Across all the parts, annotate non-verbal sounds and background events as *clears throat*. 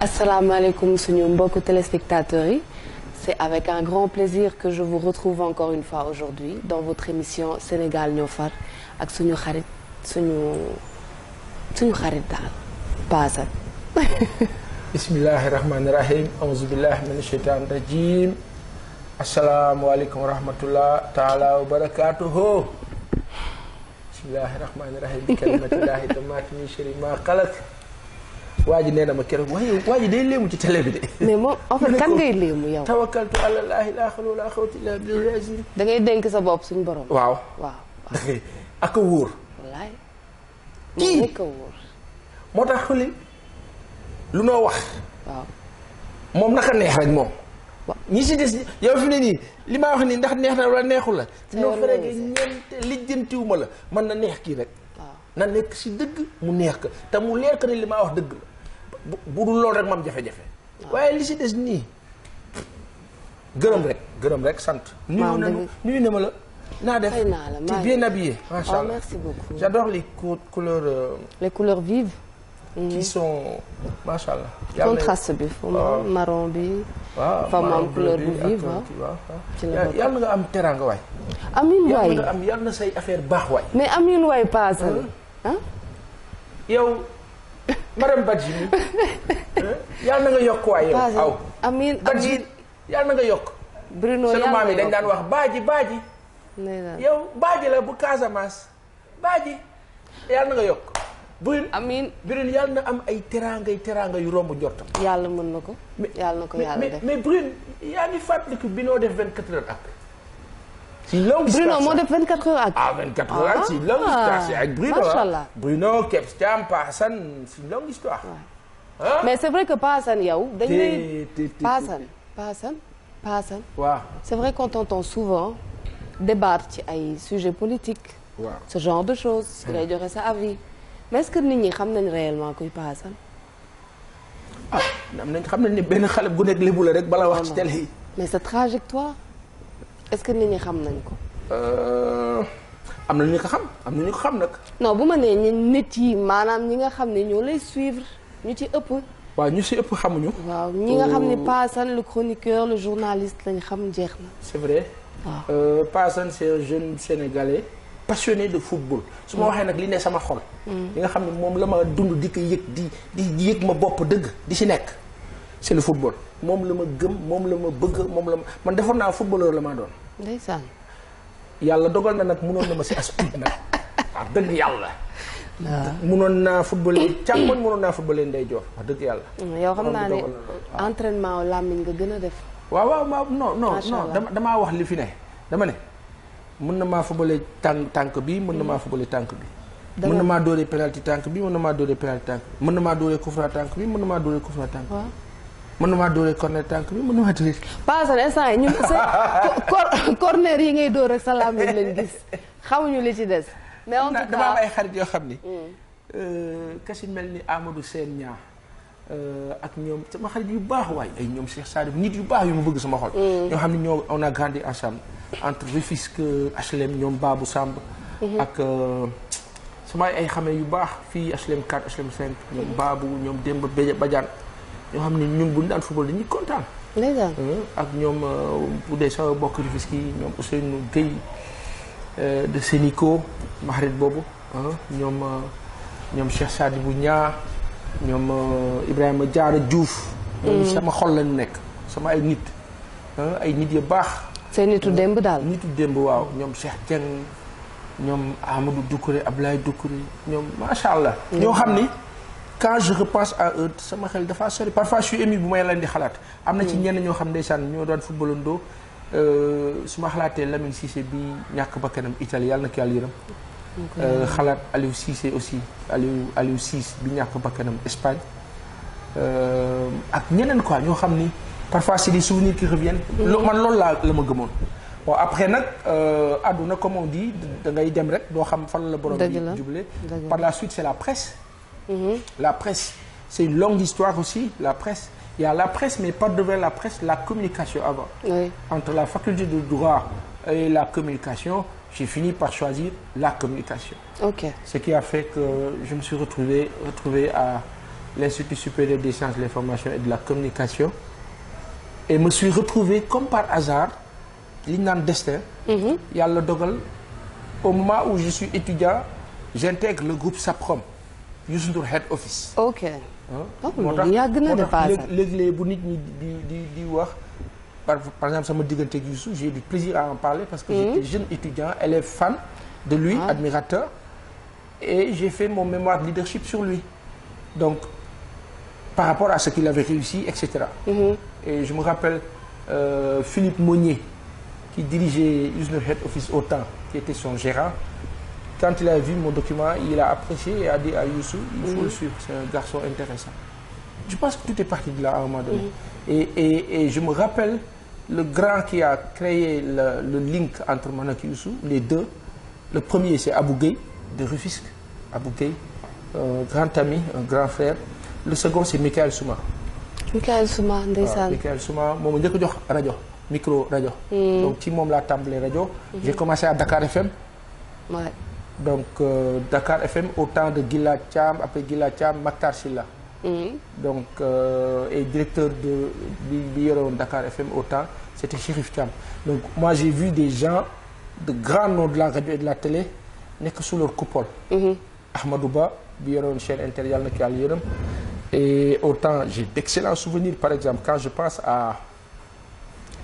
Assalamu alaikum, mbokku téléspectateurs yi c'est avec un grand plaisir que je vous retrouve encore une fois aujourd'hui dans votre émission Sénégal Nyofar. avec ak suñu xarit suñu suñu xarit daal *laughs* rahim aousubillahi min rajim assalamu rahmatullah taala wa barakatuhu. bismillahi rahmaani rahim bi kalimatillahi waa ji nee na ma keroog waaye waa ji day léemu ci télé bi de. mais moom en fait *laughs* kan ngay léemu yow. tawakkaltu ala llaahi laa hawla wala quwwata illaa billaah. da ngay dénk sa bopp suñu borom. waaw waaw da *laughs* ngay ak a wóor. moo tax xuli lu noo wax. waaw moom naka neex rek moom. ñi si des yow fi ne nii li maa wax nii ndax neex na wala neexul la. noo fekk ñeent lijjantiwuma la mën na neex kii rek. na nekk si dëgg mu neex ka te mu leer que li maa wax dëgg la. bu lool rek mam jafé jafé waye li ci des ni gërëm rek gërëm rek sante ni ni nuyu ma la. na def tu bien habillé. macha oh, allah merci beaucoup. j'adore les couleurs. Euh, les couleurs vives. qui mm. sont macha allah. yàlla contraste bi fu mu marron bi. waaw maroon couleur bu vive ah. ah. ci la bokk yàlla nga am teranga way amiin way yalla nga am yalla say affaire bax way mais way waay hein? hein yow. madame Badji mi *laughs* yàlla na nga yokk waaye yow aw amiin Badji yàlla na nga yokk Bruno sunu maam yi dañ daan wax baaji baaji yow baaji la bu Casamance baaji yàlla na nga yokk Brune amiin Brune yàlla na am ay teraanga ay teraanga yu romb njortam yàlla mën na ko yàlla na ko yàlla def mais Brune yaa ngi fàttaliku bi noo def vingt-quatre heures ak Bruno moins de 24 heures ah 24 heures c'est une longue histoire c'est avec Bruno Bruno Kepstam, Pa c'est une longue histoire. Hein? mais c'est vrai que Pa il yow. a où Pa Assane Pa c'est vrai qu'on t'entend souvent débattre sur des sujets politiques. ce genre de choses. ce a duré sa vie. mais est-ce que nous ñi réellement kuy Pa ah am nañ xam nañ ne benn xale bu nekk lébu rek bala wax télé yi. mais sa trajectoire est-ce que nous ñi xam ko. Euh, am ko xam xam non yi ñi nga suivre ñu ci ëpp. ñu ëpp ñi nga oh. le chroniqueur le journaliste lañ xam c'est vrai. Euh, c'est un jeune sénégalais. passionné de football. Mm. li sama mm. nga dund ma di c'est le football. moom la ma gëm moom la ma bëgg moom la ma man defoon naa footballeur la maa doon. ndeysaan. yàlla dogal na nag munoon na ma si as tuut nag wax dëgg yàlla. naa footballeur càmmoñ munoon naa footballeur ndeyjoor wax dëgg yàlla. Mm, yow xam naa entrainement entraînement làmmiñ nga gën a def. waaw waaw no non non dama damaa wax li fi ne dama ne. mën na maa footballeur tànk tànk bi mën na maa mm. footballeur tànk bi. mën na maa dóoree penalty tànk bi mën na maa dóoree penalty tànk bi mën na maa dóoree coup franc tànk bi mën na maa dóoree coup franc tànk bi. mën maa dóoree corner tànk bi mën na maa dóoree. Paasan instant yi ñun sa corner yi ngay door rek sa laam lañ leen gis xamuñu li ci des. mais en tout cas am ay xarit yoo xam ni. Hmm. Euh, kasi mel ni Amadou Seen euh, ñaa ak ñoom sama xarit yu baax waaye ay ñoom Cheikh bu nit yu baax yu ma bëgg sama xol. Hmm. ñoo xam ne ñoo on a grandi ensemble entre Rufisque HLM ñoom Babou sàmb hmm. ak euh, sama ay xame yu baax fii HLM 4 HLM 5. ñoom Babou ñoom Demba Badiane. ñoo xam ne ñun bu ñu daan football dañuy kontaan. ndeysaan ak ñoom euh, bu dee sa bokk Rufisque yi ñoom Ousseynou Gueye euh, de Senico ma xarit boobu ñoom euh, ñoom Cheikh Sadibou Niang ñoom Ibrahima Diarra Diouf. Mm. sama xol lañu nekk sama ay nit ay nit yu baax. seen nitu démb daal nitu démb waaw ñoom Cheikh Dieng ñoom Amadou Doucouré Ablaye Doucouré ñoom macha mm. ñoo xam quand je repense à eux sama xel dafa sori parfois je suis ému bu may leen di xalaat. am na ci hmm. ñenn ñoo xam ndeysaan ñoo doon footballandoo euh, su ma xalaatee Lamine Cissé bi ñàkk bakkanam Italie yàlla na ko yàlla yërëm. Euh, xalaat Aliou Cissé aussi Aliou Aliou Cissé bi ñàkk bakkanam Espagne euh, ak ñeneen quoi ñoo xam ni parfois c'est des souvenirs qui reviennent. Hmm. loo man loolu laa la ma gëmoon. bon après nag àdduna comme on dit da ngay dem rek doo xam fan la borom. bi jublee par la suite c'est la presse. Mhm. La presse, c'est une longue histoire aussi, la presse. Il y a la presse, mais pas devant la presse, la communication avant. Entre la faculté de droit et la communication, j'ai fini par choisir la communication. Ce qui a fait que je me suis retrouvé, retrouvé à l'Institut supérieur des sciences de l'information et de la communication et me suis retrouvé comme par hasard, l'inan destin, il y a le dogal, au moment où je suis étudiant, j'intègre le groupe SAPROM. Youssou head office. ok Il y a di di di par exemple ça me dit que j'ai du plaisir à en parler parce que hmm. j'étais jeune étudiant est fan de lui ah. admirateur et j'ai fait mon mémoire de leadership sur lui donc par rapport à ce qu'il avait réussi etc. Hmm. et je me rappelle euh, Philippe Monnier qui dirigeait Youssou head office autant, qui était son gérant quand il a vu mon document, il a apprécié et a dit à Youssou, il faut le mhm. suivre, c'est un garçon intéressant. Je pense que tout est parti de là à un moment donné. Mhm. Et, je me rappelle le grand qui a créé le, link entre Manak et Youssou, les deux. Le premier, c'est Abou Gay, de Rufisque. Abou Gay, grand ami, un grand frère. Le second, c'est Michael Souma. Michael Souma, ndeysaan. Ah, Michael Souma mon a micro radio. Mhm. donc ci la table radio. radio. j'ai commencé à Dakar FM. Ouais donc euh, Dakar FM autant de Gila Cham, après Gila Cham, Maktar Silla. Mm. Donc, euh, et directeur de Biron Dakar FM autant, c'était Chérif Cham. Donc, moi j'ai vu des gens de grands noms de la radio et de la télé n'est que sous leur coupole. -hmm. Ahmadouba, Biron, chaîne intérieure, et autant j'ai d'excellents souvenirs, par exemple, quand je pense à,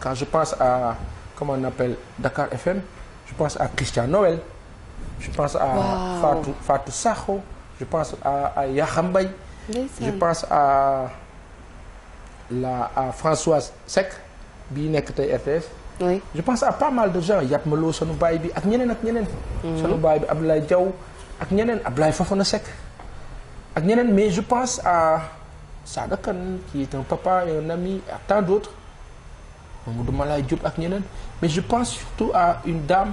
quand je pense à, comment on appelle, Dakar FM, je pense à Christian Noël, je pense à Fatou, Fatou Sakho, je pense à, à je pense à, la, à Françoise Sec, RTS. Oui. Je pense à pas mal de gens, Yap Melo, Sonou Baybi, ak ñeneen ak ñeneen. Mhm. Sonou Abdoulaye Diaw, ak ñeneen, Sek. Ak mais je pense à Sadakan, qui est un papa et un ami, à tant d'autres. ak ñeneen. Mais je pense surtout à une dame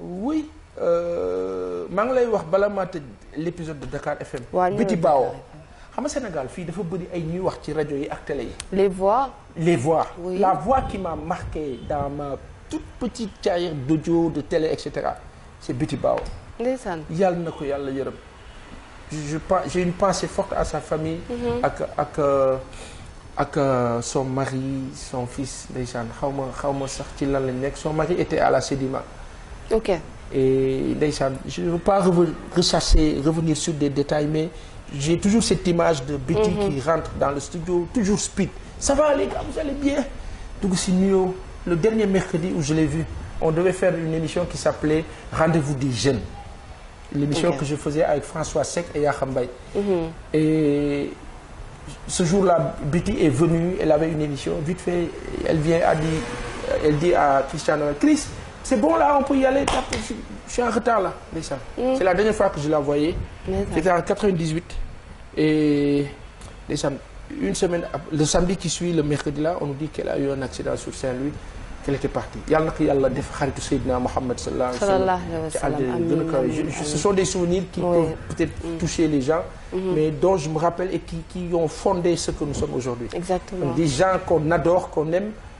oui je vais vous wax bala l'épisode de Dakar FM. Biti Bao. xam nga Sénégal fii dafa bëri ay ñuy wax ci et yi télé les voix. les voix oui. la voix qui m'a marqué dans ma toute petite carrière d'audio de télé etc. C'est Petit Bao. Biti Baawo. ndeysaan je j'ai une pensée forte à sa famille. à mhm. ak ak son mari son fils ndeysaan sax son mari était à la Cédima ok et je ne veux pas rechasser revenir sur des détails mais j'ai toujours cette image de Betty mhm. qui rentre dans le studio toujours speed ça va les gars vous allez bien Donc si le dernier mercredi où je l'ai vu on devait faire une émission qui s'appelait Rendez-vous des jeunes l'émission que je faisais avec François Sec et Yakham mhm. et ce jour-là Betty est venue elle avait une émission vite fait elle vient à dit elle dit à Christian Chris c'est bon là, on peut y aller. Je suis en retard là, mm. C'est la dernière fois que je la voyais. C'était en 98. Et une semaine, le samedi qui suit, le mercredi là, on nous dit qu'elle a eu un accident sur Saint-Louis, qu'elle était partie. Ce sont des souvenirs qui ont peuvent peut-être mm. toucher les gens, mm-hmm. mais dont je me rappelle et qui, qui ont fondé ce que nous sommes aujourd'hui. Exactement. Des gens qu'on adore, qu'on aime,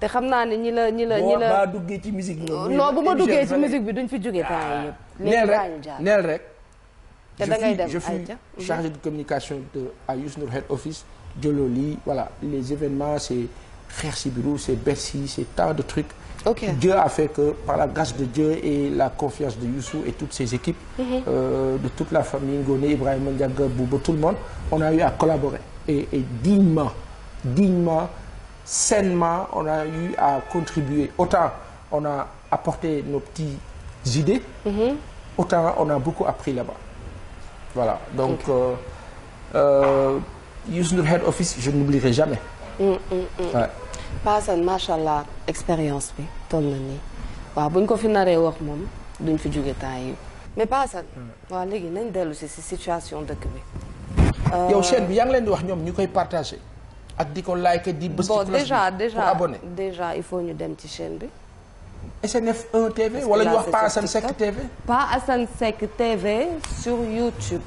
te musique musique je suis mhm. chargé de communication de à head office. Djololi, voilà les événements c'est Khersibirou c'est Bessie, c'est tant de trucs. Dieu a fait que par la grâce de Dieu et la confiance de Youssou et toutes ses équipes, mhm. euh, de toute la famille Ngoné, Ibrahim Ndiaga, Boubo, tout le monde, on a eu à collaborer. Et, et dignement, dignement, sainement, on a eu à contribuer. Autant on a apporté nos petites idées, -hmm. autant on a beaucoup appris là-bas. Voilà. Donc, okay. euh, euh Head Office, je n'oublierai jamais. Pas mm, mm, mm, ouais. macha allah expérience bi toll na nii waaw buñ ko fi naree wax moom duñ fi jóge temps yi mais Paasan. waaw léegi nañ dellu si situation dëkk bi. yow euh, chaîne bi yaa ngi nous di wax ak diko like di bës bon déjà déjà déjà il faut ñu dem ci chaîne bi SNF1 TV wala ñu wax Pa Assane Seck TV Pas Assane Seck TV sur YouTube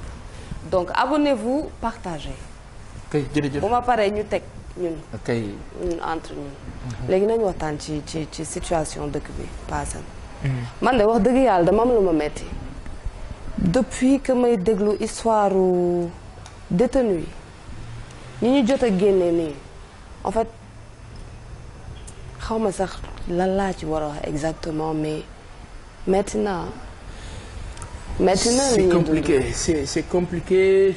donc abonnez-vous partagez kay jërëjëf bu ma paré ñu tek ñun kay ñun entre ñun légui nañ waxtaan ci ci ci situation dëkk bi Pa Assane mm-hmm. man de wax dëgg yàlla dama am lu ma metti depuis que may déglu histoire détenu ni ñu jot a ni, en fait xaw ma sax la laa ci wara wax exactement mais maintenant, maintenant c'est compliqué c'est c'est compliqué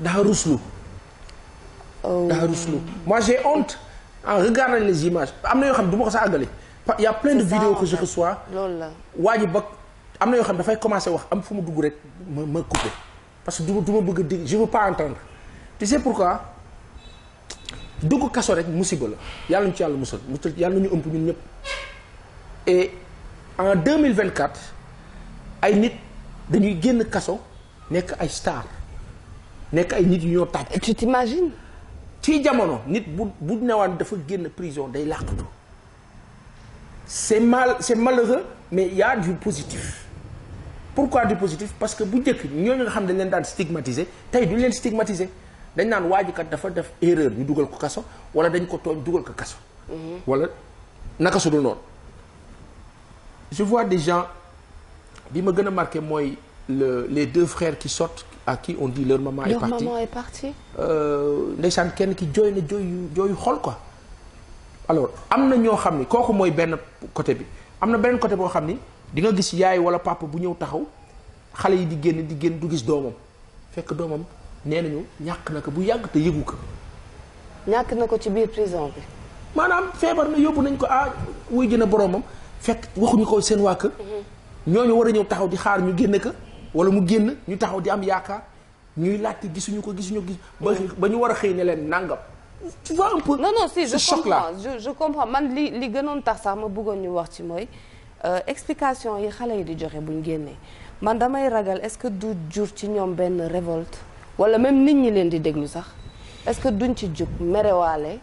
da ruslu oh. da ruslu moi j'ai honte en regardant les images amna yo xam ne ko sa il y a plein de vidéos que je reçois lol la waa ji amna yo xam da fay commencer wax am fumu dugg rek ma couper parce que du ma bëgg je veux pas entendre tu sais pourquoi dugg kasso rek musiba la yàlla ñu ci yalla musal musal yàlla ñu ëmp ñun ñëpp et en 2024 ay nit dañuy génn kasso nek ay star nek ay nit yu ñoo taaj tu t'imagines ci jamono nit bu bu newaan dafa génn prison day làqatu c'est mal c'est malheureux mais il y a du positif pourquoi du positif parce que bu jëk ñoo nga xam dañ leen daan stigmatiser tay duñ leen stigmatiser dañ naan waajikat dafa def erreur ñu duggal ko kasso wala dañ ko togn duggal ko kaso. wala naka su dul je vois des gens bi ma gën marqué moy le les deux frères qui sortent à qui on dit leur maman leur est partie leur maman est partie. Euh, ndeysaan kenn ki jooy na jooy yu xol quoi. alors amna ño xamni xam ni ben côté bi amna na côté bo xamni ni di nga gis yaay wala papa bu ñew taxaw xalé yi di génn di génn du gis domam fekk domam nenañu ñak ñàkk bu yag te yëgu ko. ñàkk na ci biir prison bi. manam febar na yóbbu nañ ko a ah, wuy jën a boromam fekk waxuñu ko seen waak kër. Mhm. wara ñew taxaw di xaar ñu génn ka wala mu genn ñu taxaw di am yaaka ñuy latti gisuñu ko gisuñu gis ba mhm. ba ñu war ne len nangam. tu vois un peu non non si je comprends je je comprends man li li gënon tax sax ma bëggoon ñu wax ci moy euh, explication yi xalé yi di joxe buñ genné man damay ragal est-ce que du jur ci ñom ben révolte. wala même nit ñi leen di déglu sax est-ce que duñ ci jóg merewaale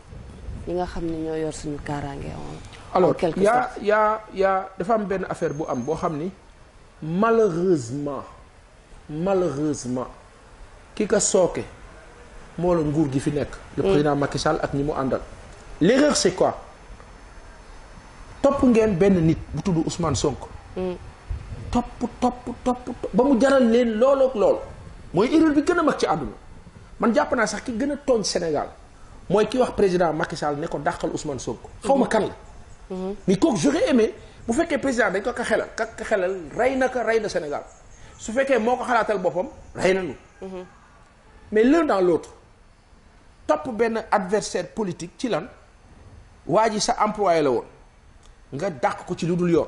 ñi nga xam ne ñoo yor suñu kaaraange on alors yaa yaa yaa dafa am benn affaire bu am boo xam ni malheureusement malheureusement ki ka sooke moo la nguur gi fi nekk le mm. président Macky Sall ak ñi mu àndal l'erreur c'est quoi topp ngeen benn nit bu tudd Ousmane Sonko mm. topp topp topp ba mu jaral leen loolook lool mooy erreur bi gën a mag ci àdduna man jàpp naa sax ki gën a tooñ Sénégal mooy ki wax président Macky Sall ne ko dàqal Ousmane Sonko. Mhm. xaw ma kan la. Mhm. mais kooku j'aurais aimé bu fekkee président dañ ko ka xelal ka xelal rey na ka rey na Sénégal su fekkee moo ko xalaatal boppam rey na ñu. Mhm. mais l'un dans l'autre topp benn adversaire politique ci lan waa ji sa employé la woon nga dàq ko ci lu dul yoon.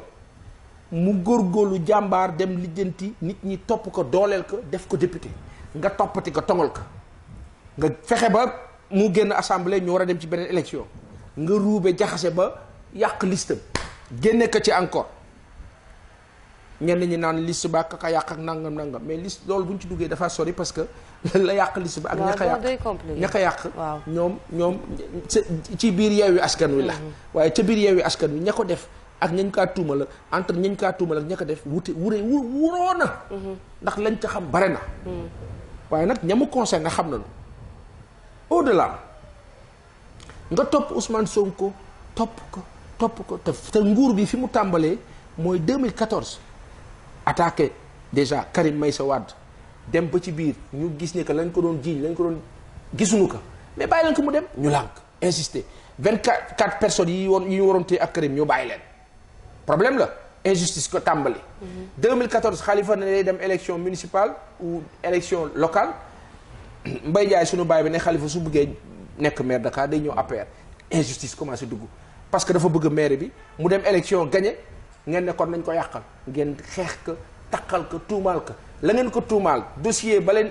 mu góor góorlu jàmbaar dem lijjanti nit ñi topp ko dooleel ko def ko député nga toppati ko tongal ko nga fexe ba mu génn assemblée ñu war a dem ci beneen élection nga ruube jaxase ba yàq liste génne ko ci encore ñeen ñi naan liste ba ak a yàq ak nangam nangam mais liste loolu bu ñu ci duggee dafa sori parce que *laughs* la yàq liste ba ak ñaka yàq ñaka yàq ñoom ñoom ci biir yeewi askan wi la mm-hmm. waaye ca biir yeewi askan wi ña ko def ak ñañ kaa tuumal entre ñañ kaa tuumal ak ña ko def wute wure wu wuroo na mhm. ndax lañ ca xam bare na mhm. waaye nag ñamu conseil nga xam nañu au delà nga topp Ousmane Sonko topp ko topp ko te te nguur bi fi mu tàmbalee mooy 2014 attaqué déjà Karim Meïssa Wade dem ba ci biir ñu gis ne que lañ ko doon jiiñ lañ ko doon gisuñu ko mais bàyyi leen ko mu dem ñu lànk insister 24 personnes yi woon yi ñu waroon téye ak Karim ñu bàyyi leen problème là, injustice ko tàmbali. 2014 Khalifa ne dem élection municipale ou élection locale *clears throat* Mbaye Ndiaye sunu baye bi ne Khalifa su bëggee nek maire Dakar day ñëw APR injustice commencé dugg parce que dafa bëgg maire bi mu dem élection gagné ngén né kon nañ ko yakal ngén xex ko takal ko tuumaal ko la ngén ko tuumaal dossier balen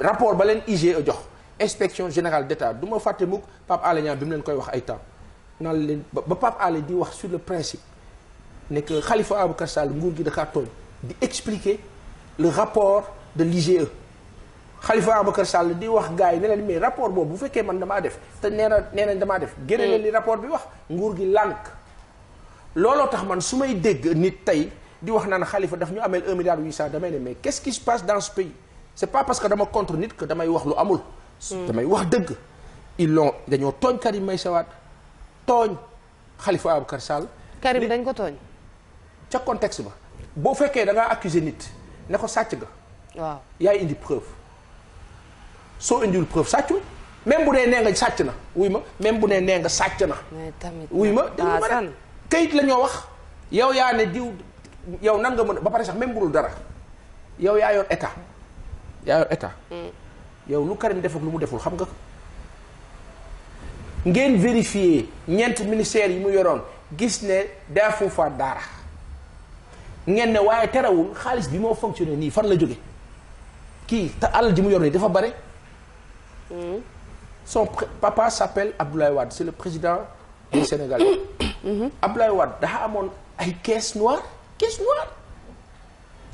rapport balen IG e jox inspection générale d'État. duma faté mouk pap mukk Pape Alé bi mu leen koy wax ay temps naan leen ba Alé di wax sur le principe ne que Khalifa Abou Sall Ngour gi de carton, di expliquer le rapport de l'IGE Khalifa Abou Sall di wax gars yi ne leen mais rapport boobu bu fekkee man dama def te nee na dama def hmm. génne li rapport bi wax Ngour gi lank lolo tax man sumay may dégg nit tay di wax naan Khalifa daf ñu amel un milliard 800 dama damay ne mais qu'est-ce qui se passe dans ce pays c'est pas parce que dama contre nit que damay wax lu amul hmm. damay wax dëgg ils l'ont dañoo togn Karim Meïssa togn Khalifa Abou Sall Karim dañ ko togn ca contexte ba boo fekkee da ngaa accuser nit ne ko sàcc nga. waaw yaay indi preuve soo indiwul preuve sàccul même bu dee nee nga sàcc na wuy ma même bu nee nga sàcc na. tamit wuy ma déglu kayit lañoo wax yow yaa ne diw yow nan nga mën ba pare sax même bu dara yow yaa yor état yaa mm. lu Karim def ak lu mu deful xam nga. ngeen vérifier ñeent ministères yi mu yoroon gis ne defu fa dara. ngeen ne waaye terewul xaalis bi moo fonctionné nii fan la jóge kii te alal ji mu yor nii dafa bare hmm. son papa s'appelle Abdoulaye Wade c'est le président du Sénégal hmm. Abdoulaye Wade dafa amoon ay caisse noire caisse noire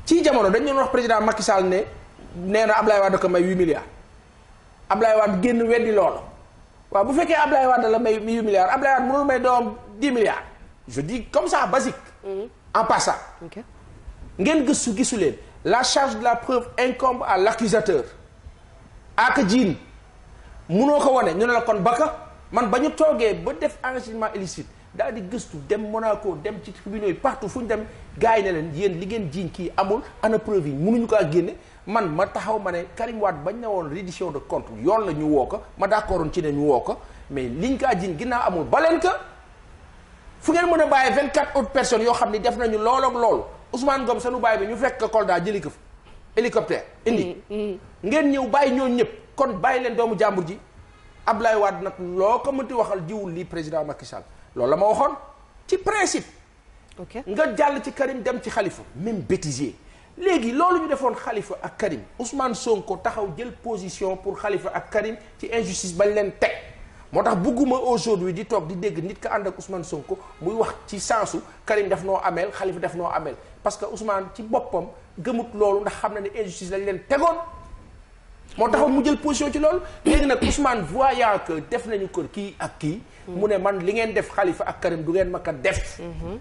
ci jamono dañ doon wax président Macky Sall ne nee na Abdoulaye da ko may huit milliards Abdoulaye Wade génn weddi loolu bu fekkee Abdoulaye Wade la may huit milliards Abdoulaye Wade mënul may doom dix milliards je dis comme ça basique hmm. en passant. Okay. la charge de la preuve incombe à l'accusateur ak jiin munoo ko ñu ne la kon baka man ba ñu toogee ba def illicite daal di dem Monaco dem ci tribunal, partout fond dem gars yi ne leen yéen li ngeen preuve yi munuñu ko man ma taxaw ma Karim wad bañ na de compte yon le ñu woo ko ma ci mais liñ kaa gina amol amul fu ngeen a autres personnes ont ni def nañu loolu ak a Ousmane Ngom sanu bàyyi bi ñu fekk Kolda hélicoptère indi mm, mm. ngeen ñëw bàyyi ñooñu ñëpp kon bàyyi leen doomu jàmbur ji Ablaye Wade nag loo ko mënti waxal jiwul président Macky Sall que la ma C'est ci principe ok nga jàll ci Karim dem ci Khalifa même bêtisier léegi loolu ñu le Khalifa ak Karim Ousmane Sonko taxaw jël position pour Khalifa ak Karim ci injustice bañ moo tax bugguma aujourd'hui di toog di dégg nit ka ànd ak Ousmane Sonko muy wax ci sensu Karim daf noo ameel xalifa daf noo ameel parce que Ousmane ci boppam gëmut loolu ndax xam na ne injustice lañ leen tegoon moo tax mu jël position ci loolu léegi nag Ousmane voyant que def nañu ko kii ak kii mu ne man li ngeen def xalifa ak Karim du ngeen ma ka def mm-hmm.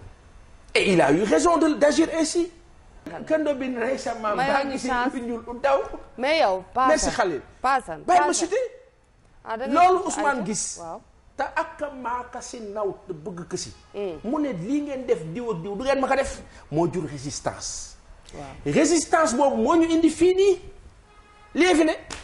et il a eu raison de d'agir ainsi kando bi récemment baa ngi si ñuul daw mais yow merci Khalil bàyyi ma chuté Ah, loolu Ousmane gis te ak maaka si naw te bëgg kësi hmm. mu ne lii ngeen def diw ak diw du ngeen ma ko def moo jur résistance waaw résistance boobu moo ñu indi fii nii lii ne